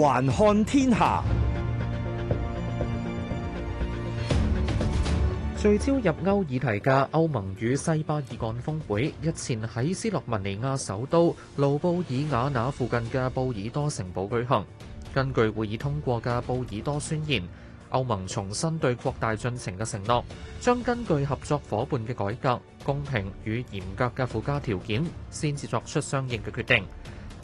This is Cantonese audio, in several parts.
環看天下。聚焦入歐議題嘅歐盟與西巴爾幹峰會日前喺斯洛文尼亞首都盧布爾雅那附近嘅布爾多城堡舉行。根據會議通過嘅布爾多宣言，歐盟重申對擴大進程嘅承諾，將根據合作伙伴嘅改革、公平與嚴格嘅附加條件，先至作出相應嘅決定。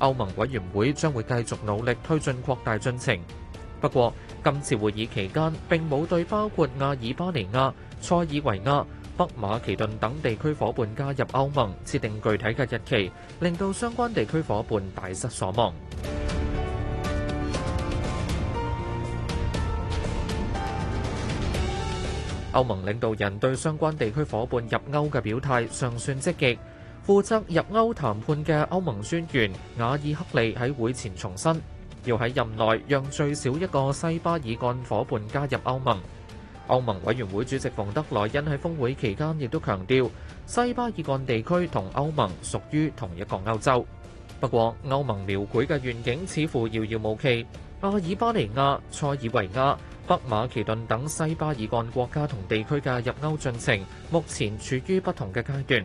歐盟委員會將會繼續努力推進擴大進程，不過今次會議期間，並冇對包括阿爾巴尼亞、塞爾維亞、北馬其頓等地區夥伴加入歐盟設定具體嘅日期，令到相關地區夥伴大失所望。歐 盟領導人對相關地區夥伴入歐嘅表態尚算積極。負責入歐談判嘅歐盟專員瓦爾克利喺會前重申，要喺任內讓最少一個西巴爾幹伙伴加入歐盟。歐盟委員會主席馮德萊恩喺峰會期間亦都強調，西巴爾幹地區同歐盟屬於同一個歐洲。不過，歐盟描繪嘅願景似乎遙遙無期。阿爾巴尼亞、塞爾維亞、北馬其頓等西巴爾幹國家同地區嘅入歐進程目前處於不同嘅階段。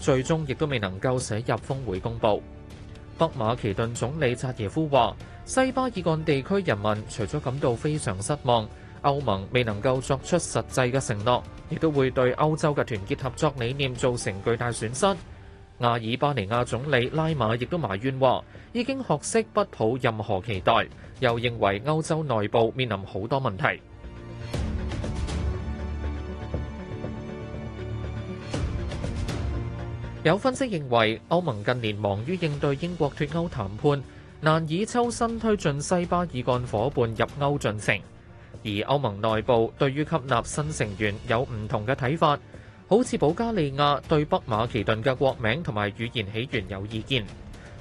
最終亦都未能夠寫入峰會公報。北馬其頓總理扎耶夫話：西巴爾幹地區人民除咗感到非常失望，歐盟未能夠作出實際嘅承諾，亦都會對歐洲嘅團結合作理念造成巨大損失。阿爾巴尼亞總理拉馬亦都埋怨話：已經學識不抱任何期待，又認為歐洲內部面臨好多問題。有分析認為，歐盟近年忙於應對英國脱歐談判，難以抽身推進西巴爾幹伙伴入歐進程。而歐盟內部對於吸納新成員有唔同嘅睇法，好似保加利亞對北馬其頓嘅國名同埋語言起源有意見。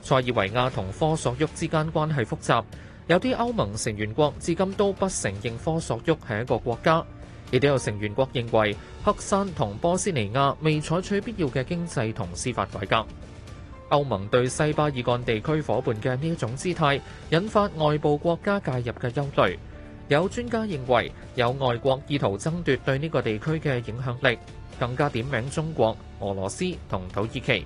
塞爾維亞同科索沃之間關係複雜，有啲歐盟成員國至今都不承認科索沃係一個國家。亦都有成員國認為黑山同波斯尼亞未採取必要嘅經濟同司法改革。歐盟對西巴爾幹地區伙伴嘅呢種姿態，引發外部國家介入嘅憂慮。有專家認為有外國意圖爭奪對呢個地區嘅影響力，更加點名中國、俄羅斯同土耳其。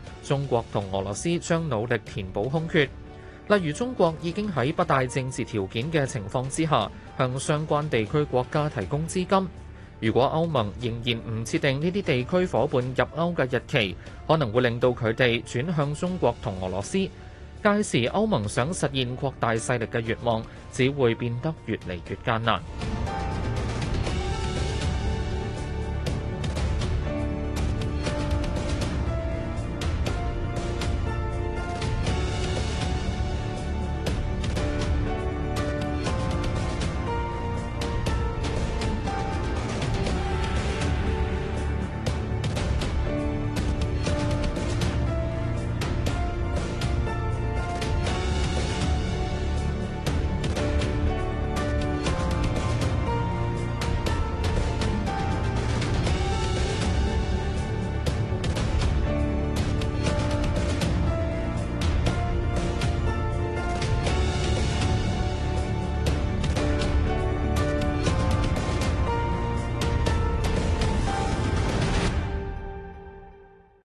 中國同俄羅斯將努力填補空缺，例如中國已經喺不帶政治條件嘅情況之下，向相關地區國家提供資金。如果歐盟仍然唔設定呢啲地區伙伴入歐嘅日期，可能會令到佢哋轉向中國同俄羅斯。屆時，歐盟想實現擴大勢力嘅願望，只會變得越嚟越艱難。